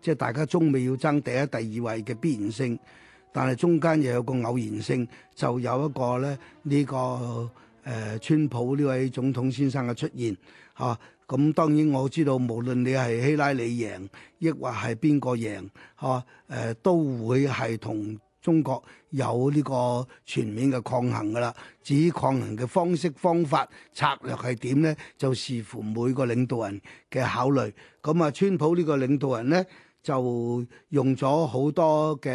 即係大家中美要爭第一第二位嘅必然性，但係中間又有個偶然性，就有一個咧呢、呢個誒、呃、川普呢位總統先生嘅出現吓，咁、啊嗯、當然我知道，無論你係希拉里贏，抑或係邊個贏吓誒都會係同中國有呢個全面嘅抗衡噶啦。至於抗衡嘅方式、方法、策略係點咧，就視乎每個領導人嘅考慮，咁、嗯、啊、嗯，川普呢個領導人咧。就用咗好多嘅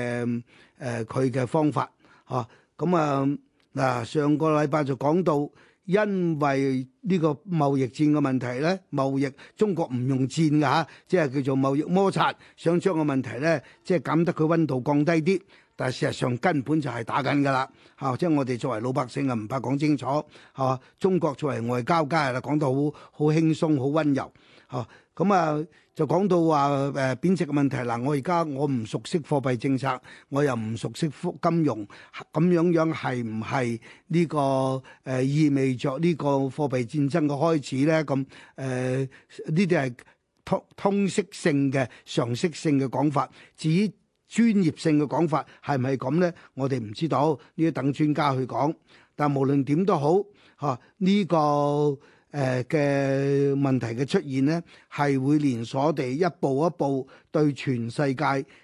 誒佢嘅方法嚇，咁啊嗱上個禮拜就講到，因為呢個貿易戰嘅問題咧，貿易中國唔用戰嘅嚇、啊，即係叫做貿易摩擦，想將個問題咧，即係減得佢溫度降低啲，但係事實上根本就係打緊㗎啦嚇，即係我哋作為老百姓啊，唔怕講清楚嚇、啊，中國作為外交家啦，講到好好輕鬆好溫柔。哦，咁啊就講到話誒、呃、貶值嘅問題。嗱，我而家我唔熟悉貨幣政策，我又唔熟悉金融，咁樣樣係唔係呢個誒、呃、意味著呢個貨幣戰爭嘅開始咧？咁誒呢啲係通通識性嘅常識性嘅講法。至於專業性嘅講法係唔係咁咧？我哋唔知道，呢要等專家去講。但無論點都好，嚇、啊、呢、呢個。誒嘅、呃、問題嘅出現呢，係會連鎖地一步一步對全世界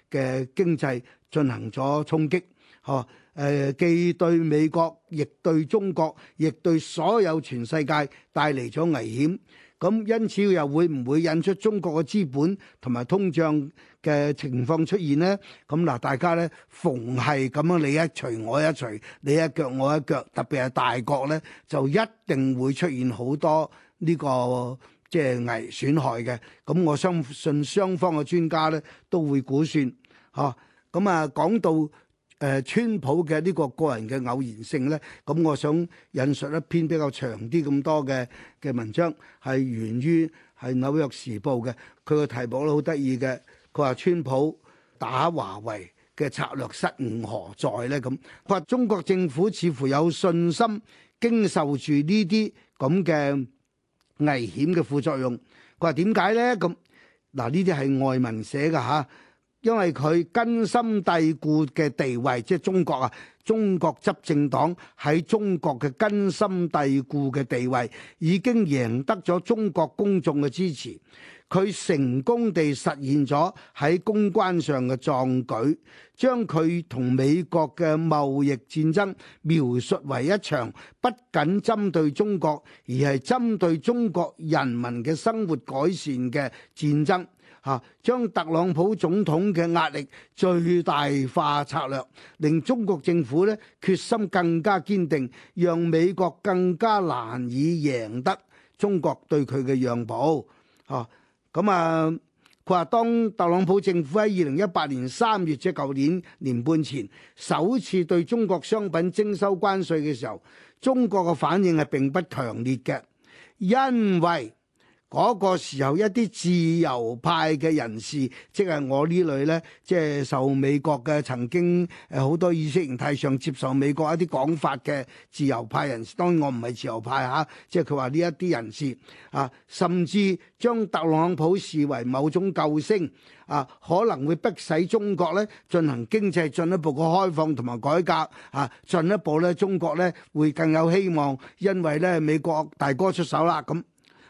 嘅經濟進行咗衝擊，嚇誒、呃，既對美國，亦對中國，亦對所有全世界帶嚟咗危險。咁因此又會唔會引出中國嘅資本同埋通脹嘅情況出現呢，咁嗱，大家呢逢係咁樣，你一捶我一捶，你一腳我一腳，特別係大國呢，就一定會出現好多呢、呢個即係、就是、危損害嘅。咁我相信雙方嘅專家呢都會估算嚇。咁啊，講到誒、呃、川普嘅呢個個人嘅偶然性呢，咁我想引述一篇比較長啲咁多嘅嘅文章，係源於係紐約時報嘅，佢嘅題目都好得意嘅。佢話川普打華為嘅策略失誤何在呢？咁佢話中國政府似乎有信心經受住呢啲咁嘅危險嘅副作用。佢話點解呢？咁嗱呢啲係外文寫㗎吓，因為佢根深蒂固嘅地位，即係中國啊，中國執政黨喺中國嘅根深蒂固嘅地位已經贏得咗中國公眾嘅支持。佢成功地實現咗喺公關上嘅壯舉，將佢同美國嘅貿易戰爭描述為一場不僅針對中國，而係針對中國人民嘅生活改善嘅戰爭。嚇，將特朗普總統嘅壓力最大化策略，令中國政府咧決心更加堅定，讓美國更加難以贏得中國對佢嘅讓步。啊！咁啊，佢話當特朗普政府喺二零一八年三月即係舊年年半前，首次對中國商品徵收關稅嘅時候，中國嘅反應係並不強烈嘅，因為，嗰個時候，一啲自由派嘅人士，即係我呢類呢，即係受美國嘅曾經誒好多意識形態上接受美國一啲講法嘅自由派人士。當然我唔係自由派吓，啊，即係佢話呢一啲人士啊，甚至將特朗普視為某種救星啊，可能會迫使中國呢進行經濟進一步嘅開放同埋改革啊，進一步呢，中國呢會更有希望，因為呢美國大哥出手啦咁。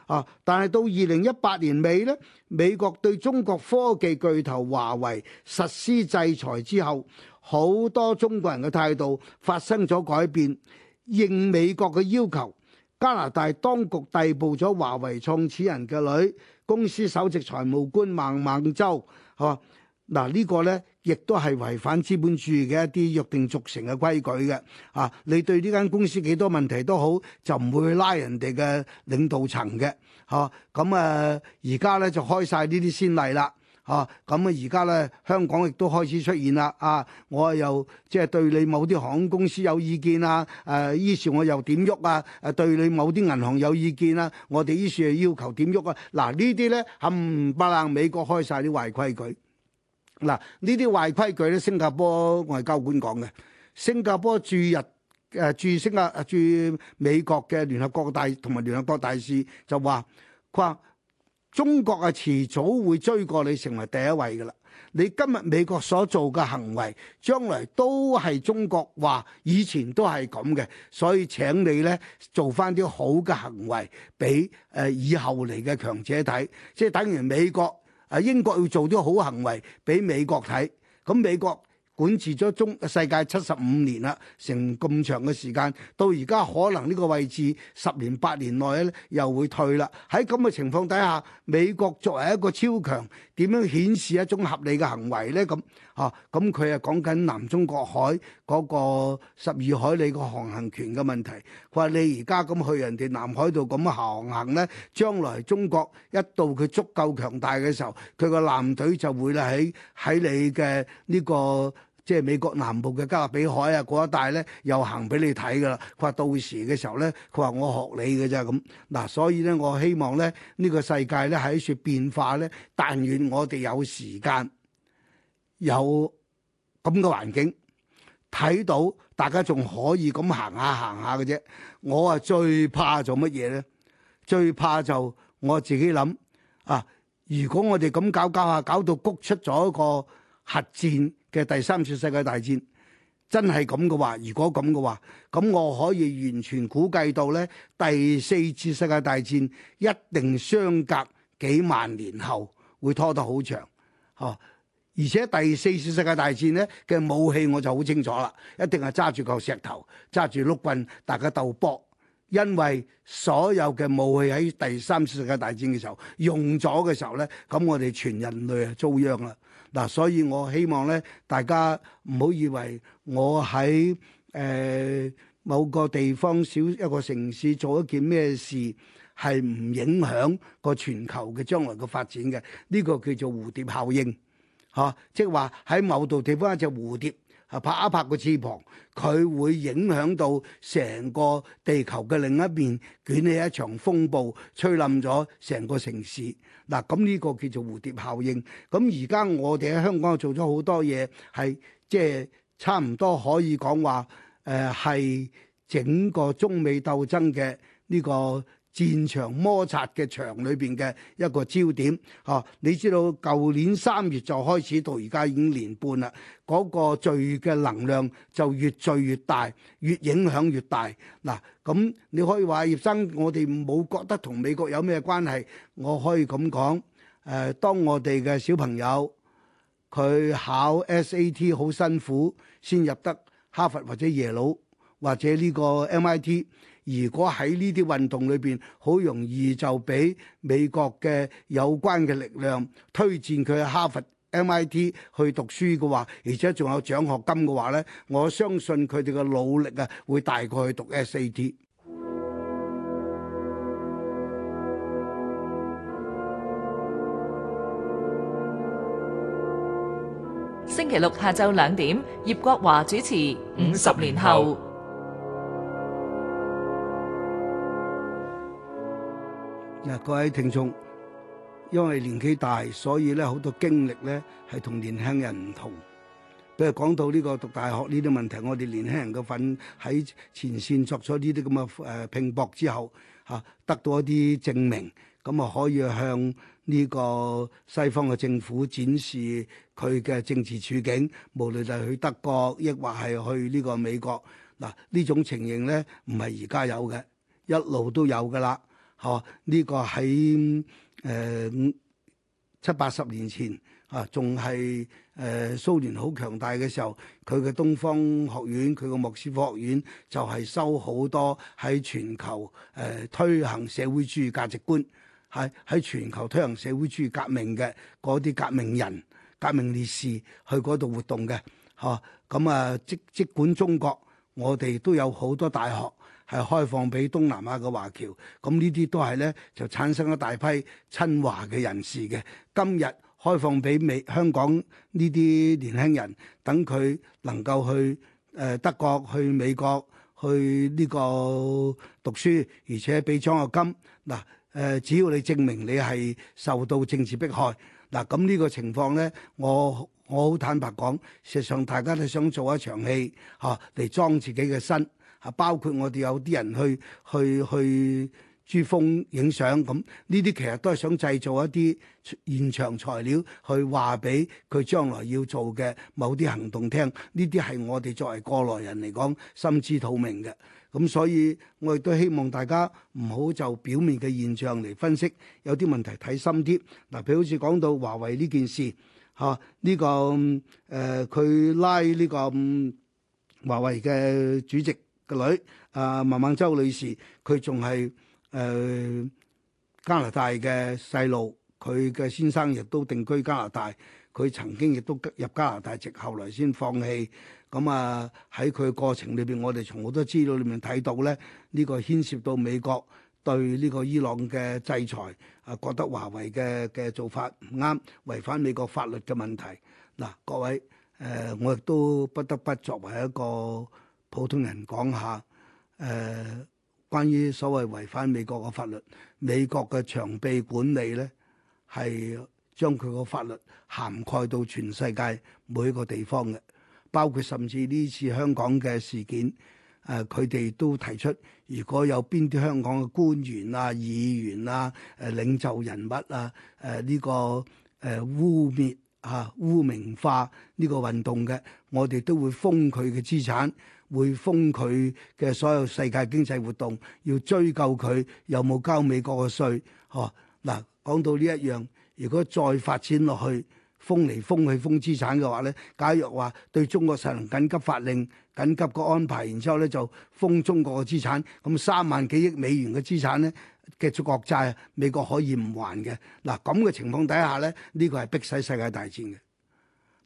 啊！但係到二零一八年尾呢，美國對中國科技巨頭華為實施制裁之後，好多中國人嘅態度發生咗改變，應美國嘅要求，加拿大當局逮捕咗華為創始人嘅女、公司首席財務官孟晚舟，嚇、啊。嗱，個呢個咧亦都係違反資本主義嘅一啲約定俗成嘅規矩嘅。啊，你對呢間公司幾多問題都好，就唔會去拉人哋嘅領導層嘅。哦，咁啊，而家咧就開晒呢啲先例啦。哦，咁啊，而家咧香港亦都開始出現啦。啊，我又即係對你某啲航空公司有意見啊，誒，於是我又點喐啊？誒，對你某啲銀行有意見啊，我哋於是要求點喐啊？嗱，呢啲咧冚唪唥美國開晒啲壞規矩。嗱，呢啲壞規矩咧，新加坡外交官講嘅。新加坡駐日誒駐星啊駐美國嘅聯合國大使同埋聯合國大使就話，佢話中國啊遲早會追過你成為第一位㗎喇。你今日美國所做嘅行為，將來都係中國話以前都係咁嘅，所以請你咧做返啲好嘅行為俾誒以後嚟嘅強者睇，即係等於美國。啊！英國要做啲好行為俾美國睇，咁美國管治咗中世界七十五年啦，成咁長嘅時間，到而家可能呢個位置十年八年內咧又會退啦。喺咁嘅情況底下，美國作為一個超強，點樣顯示一種合理嘅行為呢？咁嚇咁佢啊講緊、啊嗯、南中國海嗰個十二海里個航行權嘅問題，佢話你而家咁去人哋南海度咁航行呢，將來中國一到佢足夠強大嘅時候，佢個艦隊就會喺喺你嘅呢、呢個。即係美國南部嘅加勒比海啊，嗰一帶咧又行俾你睇噶啦。佢話到時嘅時候咧，佢話我學你嘅啫，咁嗱，所以咧我希望咧呢個世界咧喺處變化咧，但願我哋有時間有咁嘅環境睇到大家仲可以咁行下行下嘅啫。我啊最怕做乜嘢咧？最怕就我自己諗啊。如果我哋咁搞搞下，搞到谷出咗一個核戰，嘅第三次世界大戰真係咁嘅話，如果咁嘅話，咁我可以完全估計到咧，第四次世界大戰一定相隔幾萬年後會拖得好長，哦、啊！而且第四次世界大戰咧嘅武器我就好清楚啦，一定係揸住個石頭，揸住碌棍，大家鬥搏，因為所有嘅武器喺第三次世界大戰嘅時候用咗嘅時候咧，咁我哋全人類啊遭殃啦。嗱、啊，所以我希望咧，大家唔好以為我喺誒、呃、某個地方小一個城市做一件咩事係唔影響個全球嘅將來嘅發展嘅，呢、這個叫做蝴蝶效應吓、啊，即係話，喺某度地方一隻蝴蝶。啊，拍一拍個翅膀，佢會影響到成個地球嘅另一邊，捲起一場風暴，吹冧咗成個城市。嗱、啊，咁、這、呢個叫做蝴蝶效應。咁而家我哋喺香港做咗好多嘢，係即係差唔多可以講話，誒、呃、係整個中美鬥爭嘅呢、這個。戰場摩擦嘅場裏邊嘅一個焦點，嚇！你知道舊年三月就開始，到而家已經年半啦。嗰個聚嘅能量就越聚越大，越影響越大。嗱，咁你可以話葉生，我哋冇覺得同美國有咩關係。我可以咁講，誒，當我哋嘅小朋友佢考 SAT 好辛苦先入得哈佛或者耶魯或者呢個 MIT。如果喺呢啲運動裏邊，好容易就俾美國嘅有關嘅力量推薦佢去哈佛、MIT 去讀書嘅話，而且仲有獎學金嘅話咧，我相信佢哋嘅努力啊，會大過去讀 SAT。星期六下晝兩點，葉國華主持《五十年後》。嗱，各位聽眾，因為年紀大，所以咧好多經歷咧係同年輕人唔同。譬如講到呢個讀大學呢啲問題，我哋年輕人嘅份喺前線作咗呢啲咁嘅誒拼搏之後，嚇、啊、得到一啲證明，咁啊可以向呢個西方嘅政府展示佢嘅政治處境，無論就係去德國，抑或係去呢個美國。嗱、啊，呢種情形咧唔係而家有嘅，一路都有㗎喇。哦，呢個喺誒七八十年前啊，仲係誒蘇聯好強大嘅時候，佢嘅東方學院、佢嘅莫斯科學院就係收好多喺全球誒推行社會主義價值觀、係，喺全球推行社會主義革命嘅嗰啲革命人、革命烈士去嗰度活動嘅。哦，咁啊，即即管中國，我哋都有好多大學。係開放俾東南亞嘅華僑，咁呢啲都係咧就產生一大批親華嘅人士嘅。今日開放俾美香港呢啲年輕人，等佢能夠去誒、呃、德國、去美國、去呢個讀書，而且俾獎學金。嗱、呃、誒、呃，只要你證明你係受到政治迫害，嗱咁呢個情況咧，我我好坦白講，事實上大家都想做一場戲嚇嚟、啊、裝自己嘅身。啊！包括我哋有啲人去去去珠峰影相咁，呢啲其實都係想製造一啲現場材料去話俾佢將來要做嘅某啲行動聽。呢啲係我哋作為過來人嚟講心知肚明嘅。咁所以我亦都希望大家唔好就表面嘅現象嚟分析，有啲問題睇深啲。嗱，譬如好似講到華為呢件事嚇，呢、啊呢個誒佢拉呢個、嗯、華為嘅主席。個女，啊，孟孟晚舟女士，佢仲係誒加拿大嘅細路，佢嘅先生亦都定居加拿大，佢曾經亦都入加拿大籍，後來先放棄。咁啊喺佢過程裏邊，我哋從好多資料裏面睇到咧，呢、這個牽涉到美國對呢個伊朗嘅制裁，啊，覺得華為嘅嘅做法唔啱，違反美國法律嘅問題。嗱、啊，各位，誒、呃，我亦都不得不作為一個。普通人講下，誒、呃，關於所謂違反美國嘅法律，美國嘅長臂管理咧，係將佢個法律涵蓋到全世界每一個地方嘅，包括甚至呢次香港嘅事件，誒、呃，佢哋都提出，如果有邊啲香港嘅官員啊、議員啊、誒、呃、領袖人物啊、誒、呃、呢、這個誒、呃、污蔑啊、污名化呢個運動嘅，我哋都會封佢嘅資產。會封佢嘅所有世界經濟活動，要追究佢有冇交美國嘅稅。嗬、哦，嗱講到呢一樣，如果再發展落去，封嚟封去封資產嘅話咧，假如話對中國實施緊急法令、緊急個安排，然之後咧就封中國嘅資產，咁三萬幾億美元嘅資產咧嘅國債，美國可以唔還嘅。嗱咁嘅情況底下咧，呢、呢個係逼使世界大戰嘅。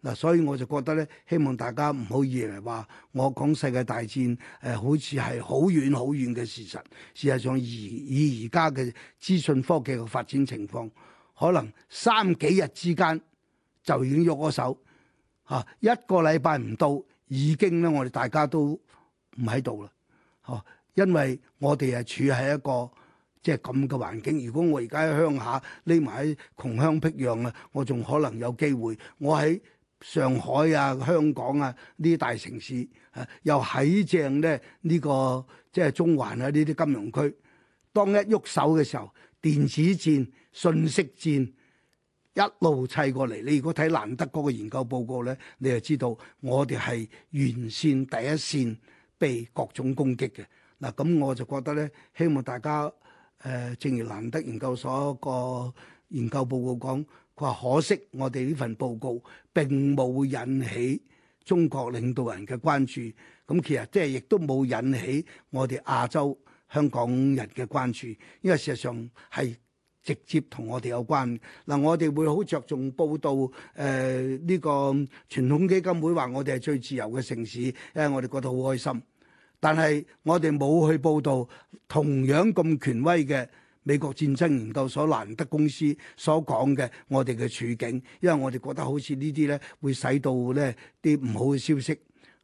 嗱，所以我就覺得咧，希望大家唔好以為話我講世界大戰誒、呃，好似係好遠好遠嘅事實。事實上，而以而家嘅資訊科技嘅發展情況，可能三幾日之間就已經喐咗手嚇、啊，一個禮拜唔到已經咧，我哋大家都唔喺度啦，嚇、啊。因為我哋係處喺一個即係咁嘅環境。如果我而家喺鄉下匿埋喺窮鄉僻壤啊，我仲可能有機會。我喺上海啊、香港啊呢啲大城市，啊、又喺正咧呢、這個即係中環啊呢啲金融區，當一喐手嘅時候，電子戰信息戰一路砌過嚟。你如果睇蘭德嗰個研究報告咧，你就知道我哋係沿線第一線被各種攻擊嘅嗱。咁我就覺得咧，希望大家誒、呃、正如蘭德研究所個研究報告講。佢話：可惜我哋呢份報告並冇引起中國領導人嘅關注，咁其實即係亦都冇引起我哋亞洲香港人嘅關注，因為事實上係直接同我哋有關。嗱，我哋會好着重報導誒呢個傳統基金會話我哋係最自由嘅城市，因為我哋覺得好開心。但係我哋冇去報導同樣咁權威嘅。美國戰爭研究所蘭德公司所講嘅我哋嘅處境，因為我哋覺得好似呢啲咧會使到咧啲唔好嘅消息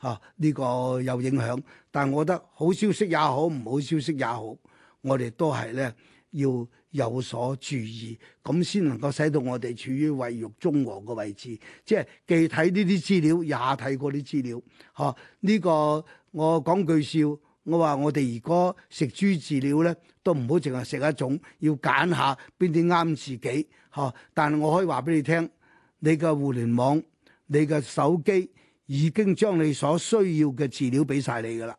嚇呢、啊呢個有影響，但係我覺得好消息也好，唔好消息也好，我哋都係咧要有所注意，咁先能夠使到我哋處於維護中和嘅位置，即係既睇呢啲資料，也睇嗰啲資料嚇呢、啊呢個我講句笑。我話我哋如果食豬飼料咧，都唔好淨係食一種，要揀下邊啲啱自己。嗬！但係我可以話俾你聽，你嘅互聯網、你嘅手機已經將你所需要嘅飼料俾晒你噶啦。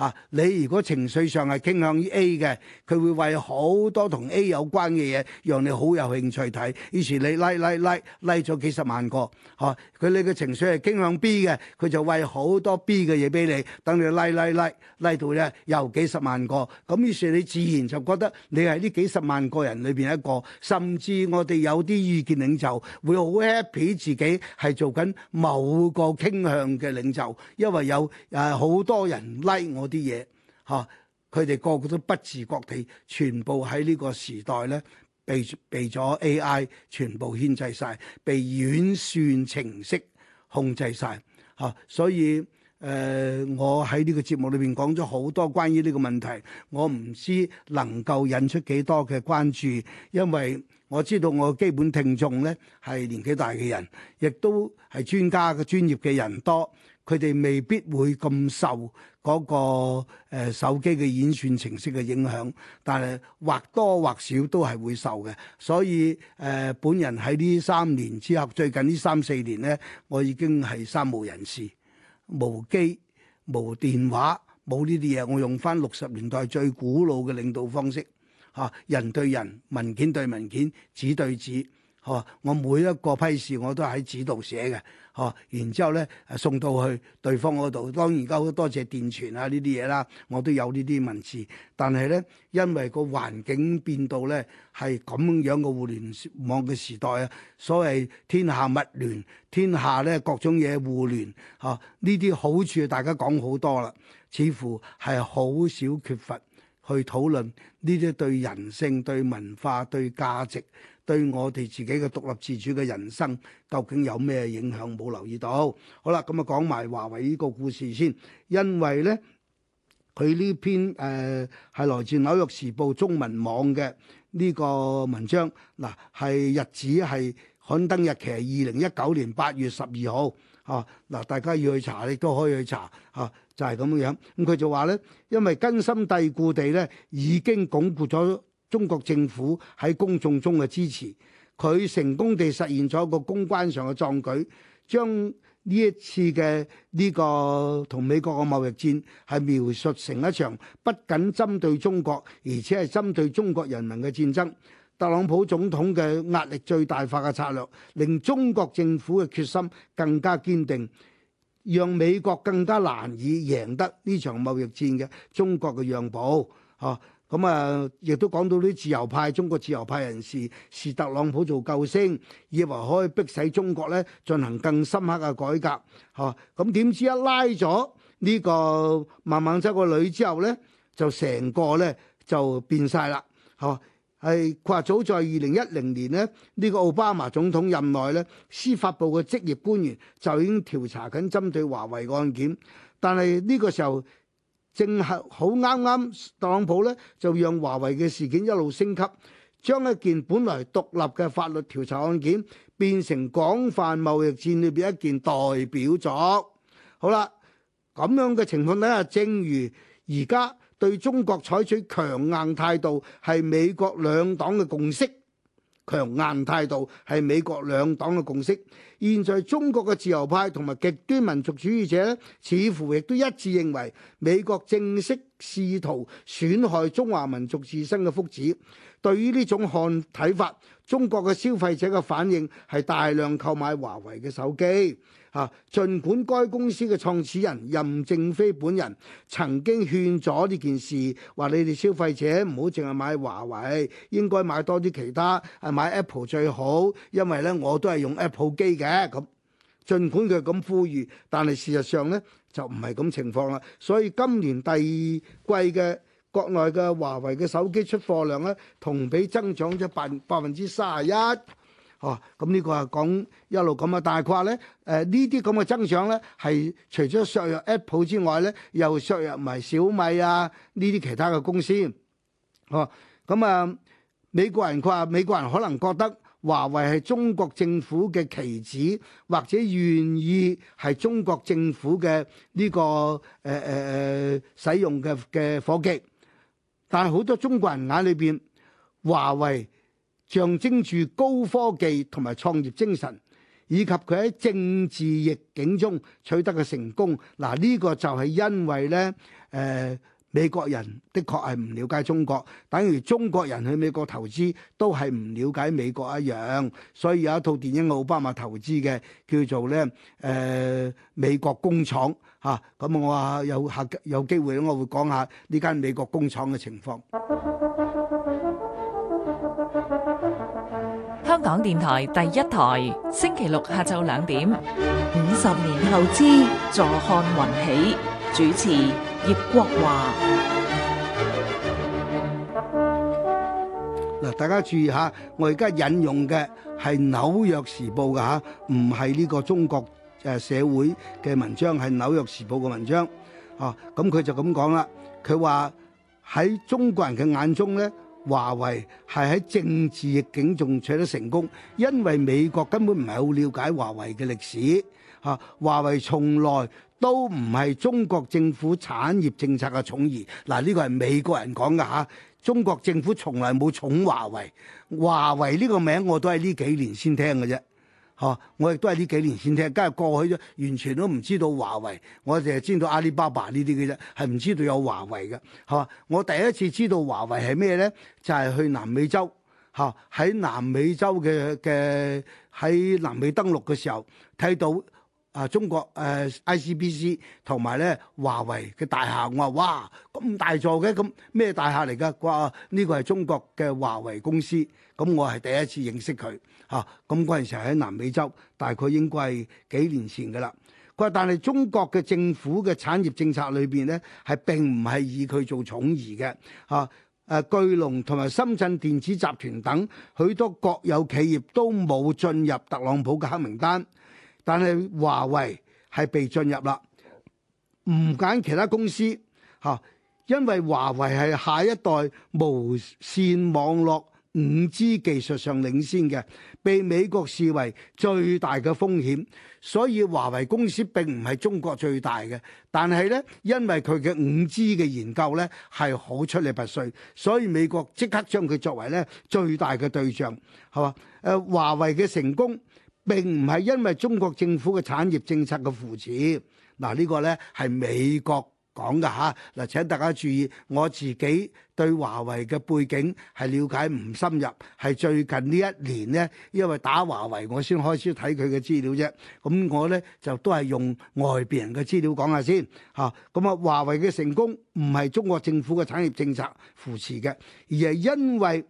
啊！你如果情緒上係傾向於 A 嘅，佢會為好多同 A 有關嘅嘢，讓你好有興趣睇。於是你 like like like like 咗幾十萬個吓，佢你嘅情緒係傾向 B 嘅，佢就為好多 B 嘅嘢俾你，等你 like like like like 到咧又幾十萬個，咁、啊、於是你自然就覺得你係呢幾十萬個人裏邊一個，甚至我哋有啲意見領袖會好 happy 自己係做緊某個傾向嘅領袖，因為有誒好、啊、多人 like 我。啲嘢吓，佢哋個個都不自覺地，全部喺呢個時代咧，被被咗 AI 全部牽制晒，被軟算程式控制晒吓。所以誒、呃，我喺呢個節目裏邊講咗好多關於呢個問題，我唔知能夠引出幾多嘅關注，因為我知道我基本聽眾咧，係年紀大嘅人，亦都係專家嘅專業嘅人多。佢哋未必會咁受嗰個誒手機嘅演算程式嘅影響，但係或多或少都係會受嘅。所以誒、呃，本人喺呢三年之後，最近呢三四年呢，我已經係三無人士，無機、無電話、冇呢啲嘢，我用翻六十年代最古老嘅領導方式，吓人對人，文件對文件，紙對紙。哦，我每一個批示我都喺紙度寫嘅，哦，然之後呢送到去對方嗰度。當然，而家好多謝電傳啊呢啲嘢啦，我都有呢啲文字。但係呢，因為個環境變到呢係咁樣嘅互聯網嘅時代啊，所謂天下物聯，天下呢各種嘢互聯，哦，呢啲好處大家講好多啦，似乎係好少缺乏去討論呢啲對人性、對文化、對價值。對我哋自己嘅獨立自主嘅人生，究竟有咩影響？冇留意到。好啦，咁啊講埋華為呢個故事先，因為呢，佢呢篇誒係、呃、來自紐約時報中文網嘅呢個文章，嗱係日子係刊登日期，二零一九年八月十二號。啊嗱，大家要去查，你都可以去查。啊，就係咁樣樣。咁佢就話呢，因為根深蒂固地呢，已經鞏固咗。中國政府喺公眾中嘅支持，佢成功地實現咗一個公關上嘅壯舉，將呢一次嘅呢個同美國嘅貿易戰係描述成一場不僅針對中國，而且係針對中國人民嘅戰爭。特朗普總統嘅壓力最大化嘅策略，令中國政府嘅決心更加堅定，讓美國更加難以贏得呢場貿易戰嘅中國嘅讓步，嚇。咁啊，亦都講到啲自由派，中國自由派人士視特朗普做救星，以為可以迫使中國咧進行更深刻嘅改革。嚇，咁點知一拉咗呢個孟晚舟個女之後咧，就成個咧就變晒啦。嚇，係佢話早在二零一零年呢，呢、呢個奧巴馬總統任內咧，司法部嘅職業官員就已經調查緊針對華為案件，但係呢個時候。正係好啱啱，特朗普呢就讓華為嘅事件一路升級，將一件本來獨立嘅法律調查案件變成廣泛貿易戰裏邊一件代表作。好啦，咁樣嘅情況底下，正如而家對中國採取強硬態度，係美國兩黨嘅共識。強硬態度係美國兩黨嘅共識。現在中國嘅自由派同埋極端民族主義者咧，似乎亦都一致認為美國正式試圖損害中華民族自身嘅福祉。對於呢種看睇法，中國嘅消費者嘅反應係大量購買華為嘅手機。嚇、啊，儘管該公司嘅創始人任正非本人曾經勸阻呢件事，話你哋消費者唔好淨係買華為，應該買多啲其他，係買 Apple 最好，因為呢我都係用 Apple 機嘅。咁、啊，儘管佢咁呼籲，但係事實上呢就唔係咁情況啦。所以今年第二季嘅，國內嘅華為嘅手機出貨量咧，同比增長咗百百分之三十一，哦，咁呢個係講一路咁啊。但係話咧，誒呢啲咁嘅增長咧，係除咗削弱 Apple 之外咧，又削弱埋小米啊呢啲其他嘅公司，哦，咁啊，美國人佢話美國人可能覺得華為係中國政府嘅棋子，或者願意係中國政府嘅呢個誒誒誒使用嘅嘅夥計。但係好多中國人眼裏邊，華為象徵住高科技同埋創業精神，以及佢喺政治逆境中取得嘅成功。嗱，呢個就係因為呢。誒、呃。美國人的確係唔瞭解中國，等於中國人去美國投資都係唔瞭解美國一樣。所以有一套電影奧巴馬投資嘅，叫做咧誒美國工廠嚇。咁我啊有下有機會咧，我會講下呢間美國工廠嘅情況。香港電台第一台，星期六下晝兩點，五十年後知，坐看雲起，主持，葉國華，嗱，大家注意下，我而家引用嘅係《紐約時報》噶吓，唔係呢個中國誒社會嘅文章，係《紐約時報》嘅文章。哦，咁佢就咁講啦，佢話喺中國人嘅眼中咧，華為係喺政治逆境中取得成功，因為美國根本唔係好了解華為嘅歷史。吓，華為從來。都唔係中國政府產業政策嘅寵兒。嗱呢個係美國人講嘅嚇。中國政府從來冇寵華為，華為呢個名我都係呢幾年先聽嘅啫。嚇，我亦都係呢幾年先聽，梗係過去咗，完全都唔知道華為，我淨係知道阿里巴巴呢啲嘅啫，係唔知道有華為嘅。嚇，我第一次知道華為係咩呢？就係、是、去南美洲，嚇喺南美洲嘅嘅喺南美登陸嘅時候睇到。啊！中國誒，ICBC 同埋咧華為嘅大廈，我話哇咁大座嘅，咁咩大廈嚟噶？佢話呢個係中國嘅華為公司，咁我係第一次認識佢。吓，咁嗰陣時喺南美洲，大概應該係幾年前噶啦。咁但係中國嘅政府嘅產業政策裏邊咧，係並唔係以佢做寵兒嘅。吓，誒，巨龍同埋深圳電子集團等許多國有企業都冇進入特朗普嘅黑名單。但係華為係被進入啦，唔揀其他公司嚇，因為華為係下一代無線網絡五 G 技術上領先嘅，被美國視為最大嘅風險。所以華為公司並唔係中國最大嘅，但係呢，因為佢嘅五 G 嘅研究呢係好出類拔萃，所以美國即刻將佢作為呢最大嘅對象，係嘛？誒、啊，華為嘅成功。並唔係因為中國政府嘅產業政策嘅扶持，嗱呢個呢係美國講㗎吓，嗱，請大家注意，我自己對華為嘅背景係了解唔深入，係最近呢一年呢，因為打華為我先開始睇佢嘅資料啫，咁我呢，就都係用外邊人嘅資料講下先，吓，咁啊華為嘅成功唔係中國政府嘅產業政策扶持嘅，而係因為。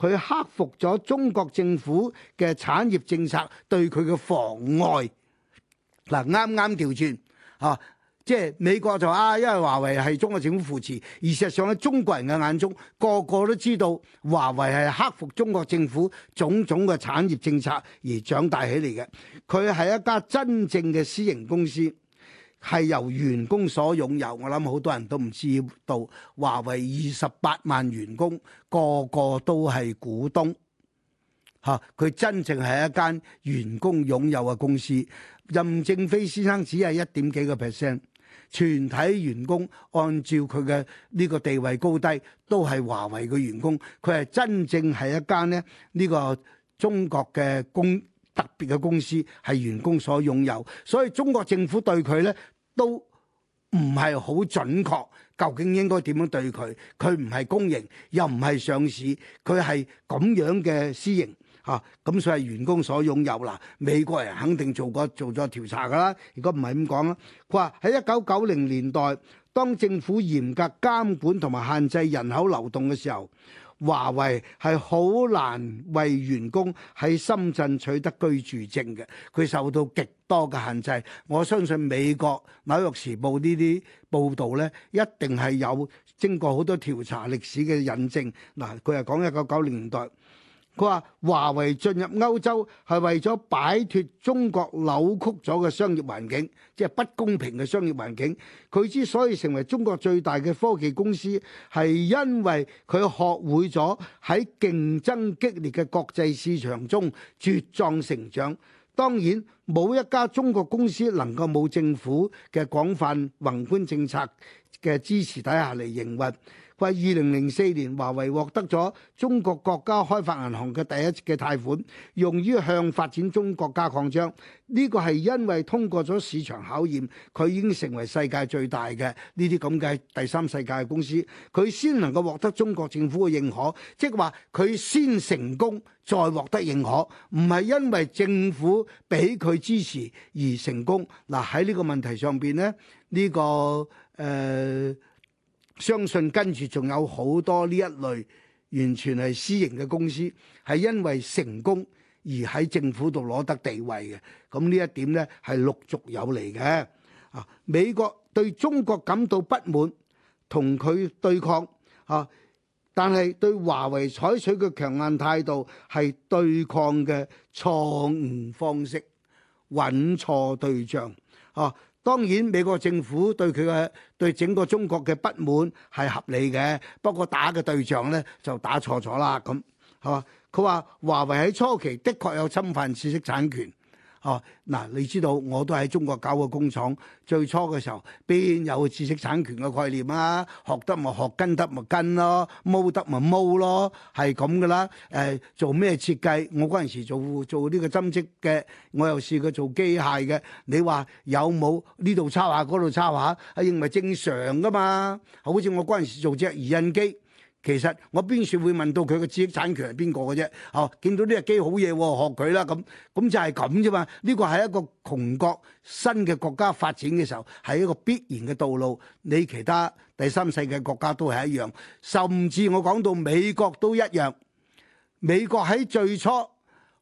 佢克服咗中國政府嘅產業政策對佢嘅妨礙，嗱，啱啱調轉啊，即係美國就啊，因為華為係中國政府扶持，而實際上喺中國人嘅眼中，個個都知道華為係克服中國政府種種嘅產業政策而長大起嚟嘅，佢係一家真正嘅私營公司。係由員工所擁有，我諗好多人都唔知道，華為二十八萬員工個個都係股東，嚇，佢真正係一間員工擁有嘅公司。任正非先生只係一點幾個 percent，全體員工按照佢嘅呢個地位高低，都係華為嘅員工。佢係真正係一間咧，呢、呢個中國嘅公。特別嘅公司係員工所擁有，所以中國政府對佢呢都唔係好準確，究竟應該點樣對佢？佢唔係公營，又唔係上市，佢係咁樣嘅私營嚇，咁、啊、所以係員工所擁有啦、啊。美國人肯定做過做咗調查㗎啦，如果唔係咁講啦，佢話喺一九九零年代，當政府嚴格監管同埋限制人口流動嘅時候。華為係好難為員工喺深圳取得居住證嘅，佢受到極多嘅限制。我相信美國《紐約時報》呢啲報道咧，一定係有經過好多調查歷史嘅引證。嗱，佢係講一九九零年代。.佢話：華為進入歐洲係為咗擺脱中國扭曲咗嘅商業環境，即係不公平嘅商業環境。佢之所以成為中國最大嘅科技公司，係因為佢學會咗喺競爭激烈嘅國際市場中茁壯成長。當然，冇一家中國公司能夠冇政府嘅廣泛宏觀政策嘅支持底下嚟營運。喺二零零四年，華為獲得咗中國國家開發銀行嘅第一嘅貸款，用於向發展中國家擴張。呢個係因為通過咗市場考驗，佢已經成為世界最大嘅呢啲咁嘅第三世界嘅公司，佢先能夠獲得中國政府嘅認可。即係話佢先成功再獲得認可，唔係因為政府俾佢支持而成功。嗱，喺呢個問題上邊呢，呢個誒。呃相信跟住仲有好多呢一類完全係私營嘅公司，係因為成功而喺政府度攞得地位嘅。咁呢一點呢，係陸續有嚟嘅。啊，美國對中國感到不滿，同佢對抗啊，但係對華為採取嘅強硬態度，係對抗嘅錯誤方式，揾錯對象啊。當然，美國政府對佢嘅對整個中國嘅不滿係合理嘅，不過打嘅對象呢就打錯咗啦，咁係嘛？佢話華為喺初期的確有侵犯知識產權。哦，嗱、啊，你知道我都喺中國搞過工廠，最初嘅時候邊有知識產權嘅概念啊？學得咪學，跟得咪跟咯，踎得咪踎咯，係咁噶啦。誒、呃，做咩設計？我嗰陣時做做呢個針織嘅，我又試過做機械嘅。你話有冇呢度抄下嗰度抄下？係咪、啊、正常噶嘛？好似我嗰陣時做隻移印機。其實我邊時會問到佢嘅知識產權係邊個嘅啫？哦，見到呢隻機好嘢，學佢啦咁，咁就係咁啫嘛。呢個係一個窮國新嘅國家發展嘅時候，係一個必然嘅道路。你其他第三世界國家都係一樣，甚至我講到美國都一樣。美國喺最初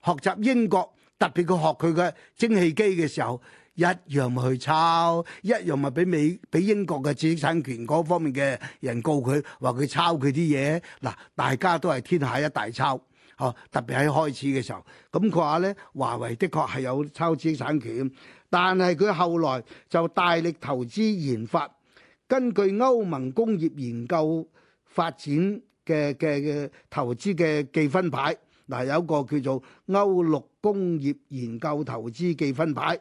學習英國，特別佢學佢嘅蒸汽機嘅時候。一樣去抄，一樣咪俾美俾英國嘅知識產權嗰方面嘅人告佢，話佢抄佢啲嘢。嗱，大家都係天下一大抄，嚇。特別喺開始嘅時候，咁佢話呢，華為的確係有抄知識產權，但係佢後來就大力投資研發。根據歐盟工業研究發展嘅嘅嘅投資嘅記分牌，嗱有一個叫做歐陸工業研究投資記分牌。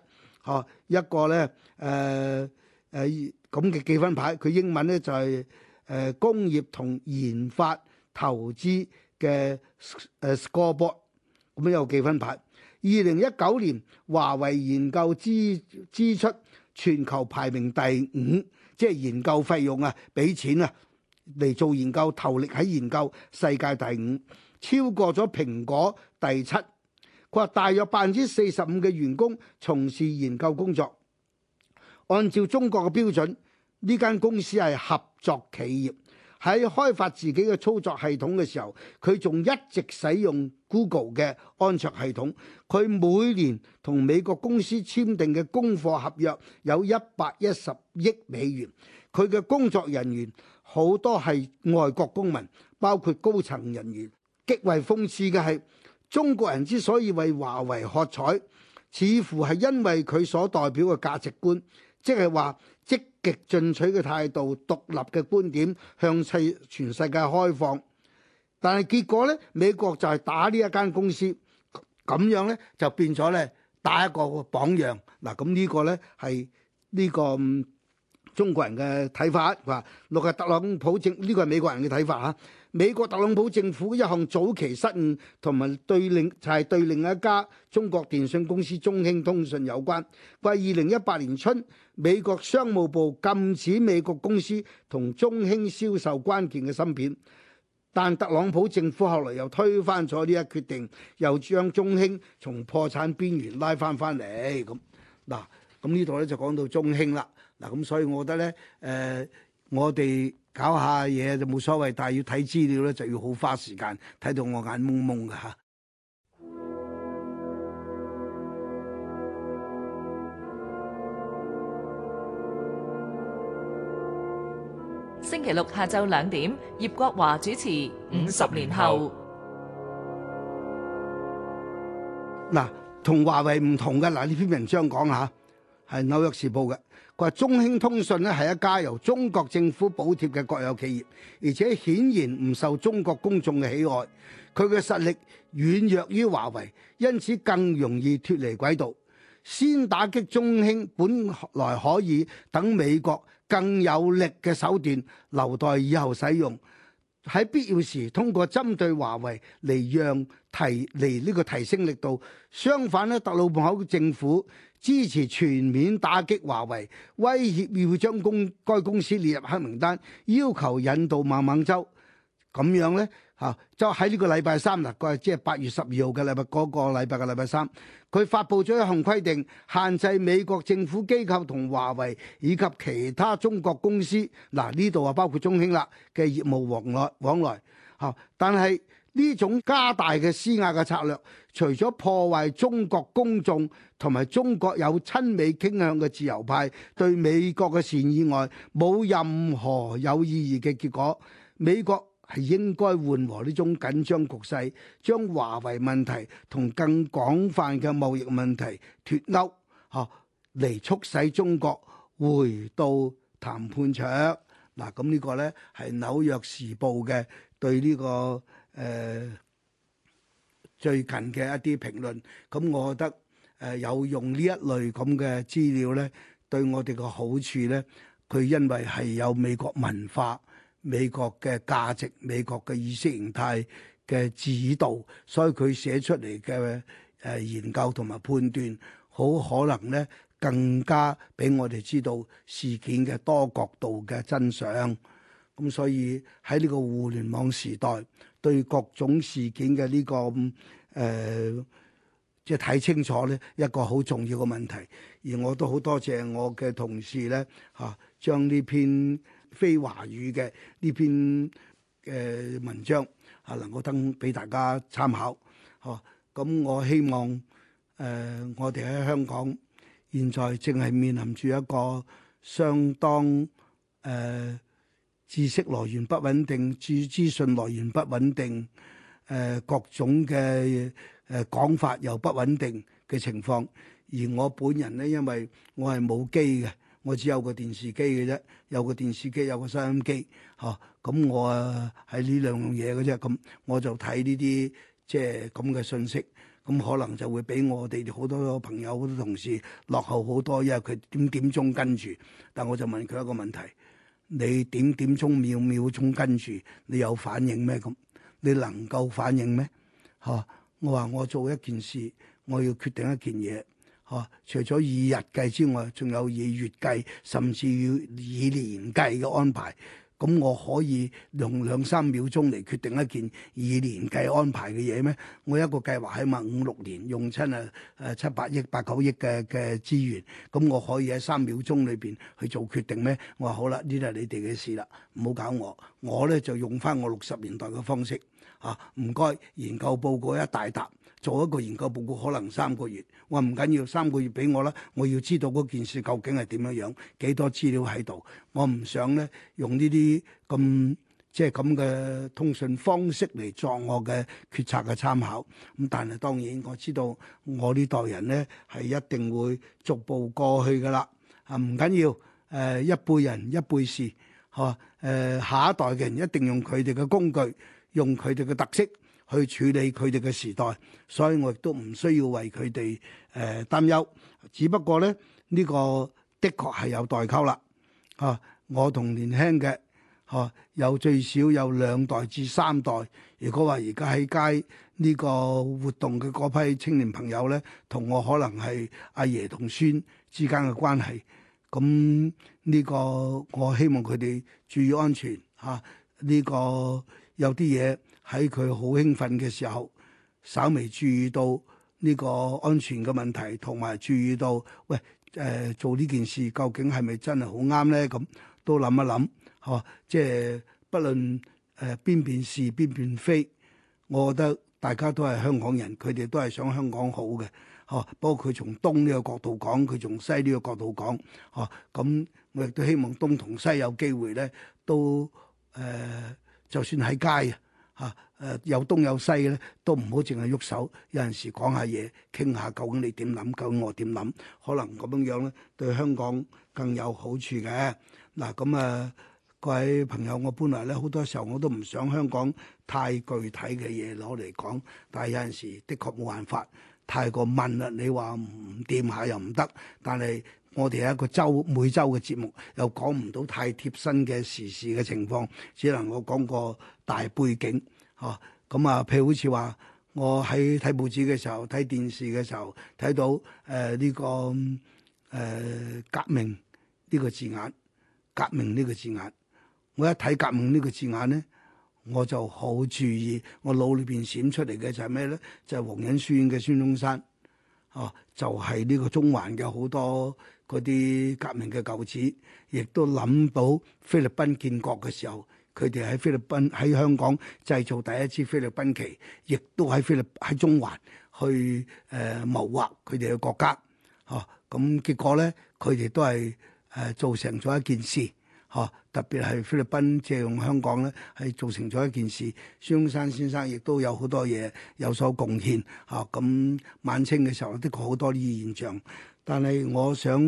哦，一個咧，誒誒咁嘅記分牌，佢英文咧就係、是、誒、呃、工業同研發投資嘅誒 scoreboard，咁樣有記分牌。二零一九年，華為研究支支出全球排名第五，即係研究費用啊，俾錢啊嚟做研究，投力喺研究世界第五，超過咗蘋果第七。佢話，大約百分之四十五嘅員工從事研究工作。按照中國嘅標準，呢間公司係合作企業。喺開發自己嘅操作系統嘅時候，佢仲一直使用 Google 嘅安卓系統。佢每年同美國公司簽訂嘅供貨合約有一百一十億美元。佢嘅工作人員好多係外國公民，包括高層人員。極為諷刺嘅係。中國人之所以為華為喝彩，似乎係因為佢所代表嘅價值觀，即係話積極進取嘅態度、獨立嘅觀點、向世全世界開放。但係結果呢，美國就係打呢一間公司，咁樣呢就變咗呢，打一個榜樣。嗱，咁呢個呢，係、這、呢個。嗯中國人嘅睇法話，六係特朗普政呢個係美國人嘅睇法嚇。美國特朗普政府嘅一項早期失誤，同埋對另就係對另一家中國電信公司中興通訊有關。喺二零一八年春，美國商務部禁止美國公司同中興銷售關鍵嘅芯片，但特朗普政府後來又推翻咗呢一決定，又將中興從破產邊緣拉翻翻嚟咁。嗱，咁呢度咧就講到中興啦。嗱，咁所以我覺得咧，誒、呃，我哋搞下嘢就冇所謂，但係要睇資料咧，就要好花時間，睇到我眼矇矇㗎吓。星期六下晝兩點，葉國華主持《五十年後》五五年後。嗱，同華為唔同嘅，嗱呢篇文章講下。係《紐約時報》嘅，佢話中興通訊咧係一家由中國政府補貼嘅國有企業，而且顯然唔受中國公眾嘅喜愛。佢嘅實力軟弱於華為，因此更容易脫離軌道。先打擊中興，本來可以等美國更有力嘅手段留待以後使用。喺必要時，通過針對華為嚟讓提嚟呢個提升力度。相反呢，特朗普政府。支持全面打擊華為，威脅要將公該公司列入黑名單，要求引渡孟晚舟咁樣呢，吓、啊、就喺呢個禮拜三啦，即係八月十二號嘅禮拜嗰個禮拜嘅禮拜三，佢、就是那個、發布咗一項規定，限制美國政府機構同華為以及其他中國公司嗱呢度啊包括中興啦嘅業務往來往來吓，但係。呢種加大嘅施壓嘅策略，除咗破壞中國公眾同埋中國有親美傾向嘅自由派對美國嘅善意外，冇任何有意義嘅結果。美國係應該緩和呢種緊張局勢，將華為問題同更廣泛嘅貿易問題脫鈎，吓、啊、嚟促使中國回到談判場。嗱、啊，咁呢個呢係《紐約時報》嘅對呢、這個。誒，最近嘅一啲評論，咁我覺得誒有用呢一類咁嘅資料呢，對我哋個好處呢，佢因為係有美國文化、美國嘅價值、美國嘅意識形態嘅指導，所以佢寫出嚟嘅誒研究同埋判斷，好可能呢更加俾我哋知道事件嘅多角度嘅真相。咁所以喺呢個互聯網時代，對各種事件嘅呢個誒，即係睇清楚咧，一個好重要嘅問題。而我都好多謝我嘅同事咧，嚇將呢篇非華語嘅呢篇誒文章嚇能夠登俾大家參考。嚇咁我希望誒我哋喺香港現在正係面臨住一個相當誒，知識來源不穩定，注資訊來源不穩定，誒、呃、各種嘅誒、呃、講法又不穩定嘅情況。而我本人咧，因為我係冇機嘅，我只有個電視機嘅啫，有個電視機，有個收音機，嚇、啊、咁、嗯、我喺、啊、呢兩樣嘢嘅啫。咁、嗯、我就睇呢啲即係咁嘅信息，咁、嗯、可能就會俾我哋好多朋友、好多同事落後好多，因為佢點,點鐘跟住。但我就問佢一個問題。你點點鐘秒秒鐘跟住，你有反應咩咁？你能夠反應咩？吓、啊，我話，我做一件事，我要決定一件嘢。吓、啊，除咗以日計之外，仲有以月計，甚至要以年計嘅安排。咁我可以用兩三秒鐘嚟決定一件以年計安排嘅嘢咩？我一個計劃起碼五六年用親啊誒七八億八九億嘅嘅資源，咁我可以喺三秒鐘裏邊去做決定咩？我話好啦，呢啲係你哋嘅事啦，唔好搞我，我呢就用翻我六十年代嘅方式啊！唔該，研究報告一大沓。做一個研究報告可能三個月，我唔緊要三個月俾我啦，我要知道嗰件事究竟係點樣樣，幾多資料喺度，我唔想咧用呢啲咁即係咁嘅通訊方式嚟作我嘅決策嘅參考。咁但係當然我知道我呢代人咧係一定會逐步過去噶啦，啊唔緊要，誒、呃、一輩人一輩事，嚇誒、呃、下一代嘅人一定用佢哋嘅工具，用佢哋嘅特色。去處理佢哋嘅時代，所以我亦都唔需要為佢哋誒擔憂。只不過咧，呢個的確係有代溝啦。啊，我同年輕嘅啊，有最少有兩代至三代。如果話而家喺街呢個活動嘅嗰批青年朋友咧，同我可能係阿爺同孫之間嘅關係。咁呢個我希望佢哋注意安全嚇。呢個有啲嘢。喺佢好興奮嘅時候，稍微注意到呢個安全嘅問題，同埋注意到喂誒、呃、做呢件事究竟係咪真係好啱咧？咁都諗一諗嚇，即係不論誒邊、呃、邊是邊邊非，我覺得大家都係香港人，佢哋都係想香港好嘅嚇。不過佢從東呢個角度講，佢從西呢個角度講嚇，咁我亦都希望東同西有機會咧，都誒、呃、就算喺街。嚇！誒、啊、有東有西咧，都唔好淨係喐手。有陣時講下嘢，傾下究竟你點諗，究竟我點諗，可能咁樣樣咧，對香港更有好處嘅。嗱、啊、咁啊，各位朋友，我本來咧好多時候我都唔想香港太具體嘅嘢攞嚟講，但係有陣時的確冇辦法，太過問啦。你話唔掂下又唔得，但係我哋係一個週每週嘅節目又講唔到太貼身嘅時事嘅情況，只能我講個大背景，哦，咁啊，譬如好似話，我喺睇報紙嘅時候，睇電視嘅時候，睇到誒呢、呃呢個誒、呃、革命呢個字眼，革命呢個字眼，我一睇革命呢個字眼咧，我就好注意，我腦裏邊閃出嚟嘅就係咩咧？就係、是、黃仁宣嘅孫中山，哦，就係、是、呢個中環嘅好多嗰啲革命嘅舊址，亦都諗到菲律賓建國嘅時候。佢哋喺菲律賓喺香港製造第一次菲律賓旗，亦都喺菲律喺中環去誒、呃、謀劃佢哋嘅國家，嚇咁結果咧，佢哋都係誒、呃、造成咗一件事，嚇特別係菲律賓借用香港咧，係做成咗一件事。孫中山先生亦都有好多嘢有所貢獻，嚇咁晚清嘅時候，的確好多呢啲現象，但係我想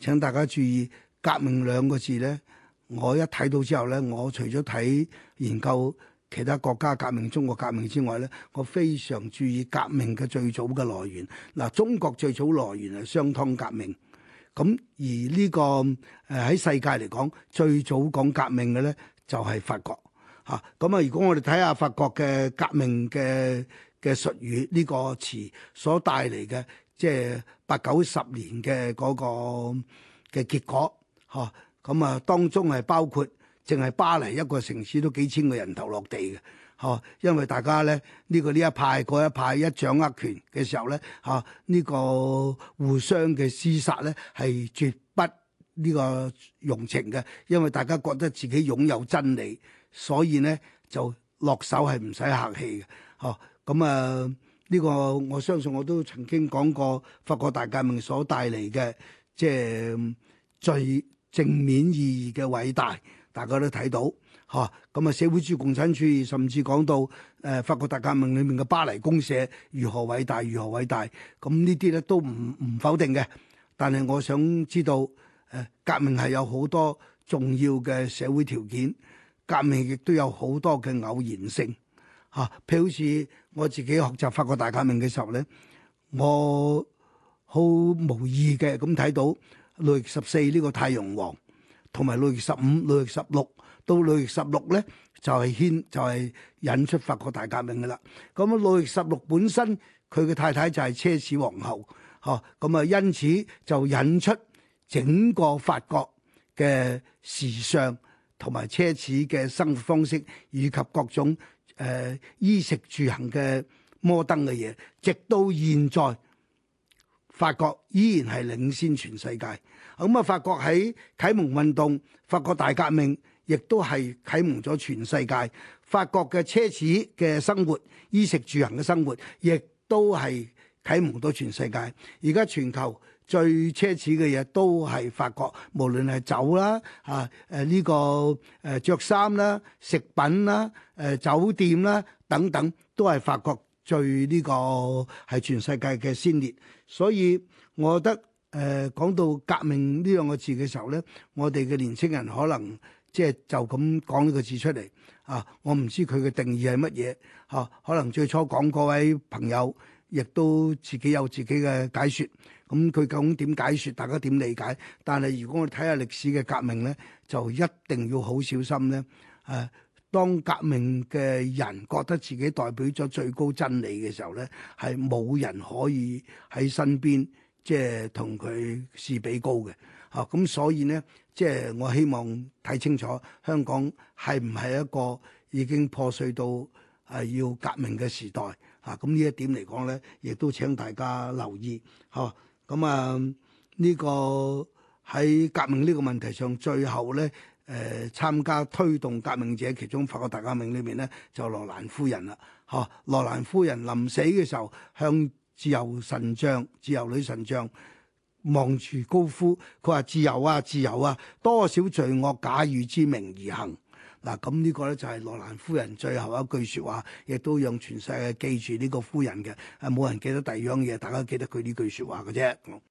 請大家注意革命兩個字咧。我一睇到之後咧，我除咗睇研究其他國家革命、中國革命之外咧，我非常注意革命嘅最早嘅來源。嗱、啊，中國最早來源係商湯革命。咁而呢、這個誒喺、呃、世界嚟講，最早講革命嘅咧，就係、是、法國。嚇，咁啊，如果我哋睇下法國嘅革命嘅嘅術語呢、這個詞所帶嚟嘅，即係八九十年嘅嗰、那個嘅結果，嚇、啊。咁啊、嗯，當中係包括，淨係巴黎一個城市都幾千個人頭落地嘅，嚇、嗯！因為大家咧，呢、這個呢一派嗰一派一掌握權嘅時候咧，嚇、嗯、呢、嗯這個互相嘅廝殺咧係絕不呢個容情嘅，因為大家覺得自己擁有真理，所以咧就落手係唔使客氣嘅，嚇、嗯！咁、嗯、啊，呢、嗯這個我相信我都曾經講過，法國大革命所帶嚟嘅即係最。正面意義嘅偉大，大家都睇到嚇。咁啊、嗯，社會主義共產主義，甚至講到誒、呃、法國大革命裏面嘅巴黎公社，如何偉大，如何偉大。咁、嗯、呢啲咧都唔唔否定嘅。但係我想知道，誒、呃、革命係有好多重要嘅社會條件，革命亦都有好多嘅偶然性嚇。啊、譬如好似我自己學習法國大革命嘅時候咧，我好無意嘅咁睇到。路易十四呢個太陽王，同埋路易十五、路易十六到路易十六咧，就係、是、牽，就係、是、引出法國大革命噶啦。咁、嗯、啊，路易十六本身佢嘅太太就係奢侈皇后，嚇，咁啊，因此就引出整個法國嘅時尚同埋奢侈嘅生活方式，以及各種誒、呃、衣食住行嘅摩登嘅嘢，直到現在。法國依然係領先全世界，咁啊法國喺啟蒙運動、法國大革命，亦都係啟蒙咗全世界。法國嘅奢侈嘅生活、衣食住行嘅生活，亦都係啟蒙到全世界。而家全球最奢侈嘅嘢都係法國，無論係酒啦、啊誒呢個誒著衫啦、食品啦、誒、啊、酒店啦等等，都係法國。最呢個係全世界嘅先烈，所以我覺得誒、呃、講到革命呢兩個字嘅時候咧，我哋嘅年青人可能即係就咁講呢個字出嚟啊！我唔知佢嘅定義係乜嘢嚇，可能最初講嗰位朋友亦都自己有自己嘅解説，咁佢究竟點解説，大家點理解？但係如果我哋睇下歷史嘅革命咧，就一定要好小心咧，誒、啊。當革命嘅人覺得自己代表咗最高真理嘅時候咧，係冇人可以喺身邊即係同佢試比高嘅嚇。咁、啊、所以咧，即係我希望睇清楚香港係唔係一個已經破碎到係、呃、要革命嘅時代嚇。咁、啊、呢一點嚟講咧，亦都請大家留意嚇。咁啊，呢、啊呢個喺革命呢個問題上，最後咧。誒，參加推動革命者其中法國大革命裏面呢，就羅蘭夫人啦，嗬、啊？羅蘭夫人臨死嘅時候，向自由神像、自由女神像望住高呼，佢話：自由啊，自由啊！多少罪惡假汝之名而行。嗱、啊，咁呢個咧就係羅蘭夫人最後一句說話，亦都讓全世界記住呢個夫人嘅。誒、啊，冇人記得第二樣嘢，大家記得佢呢句說話嘅啫。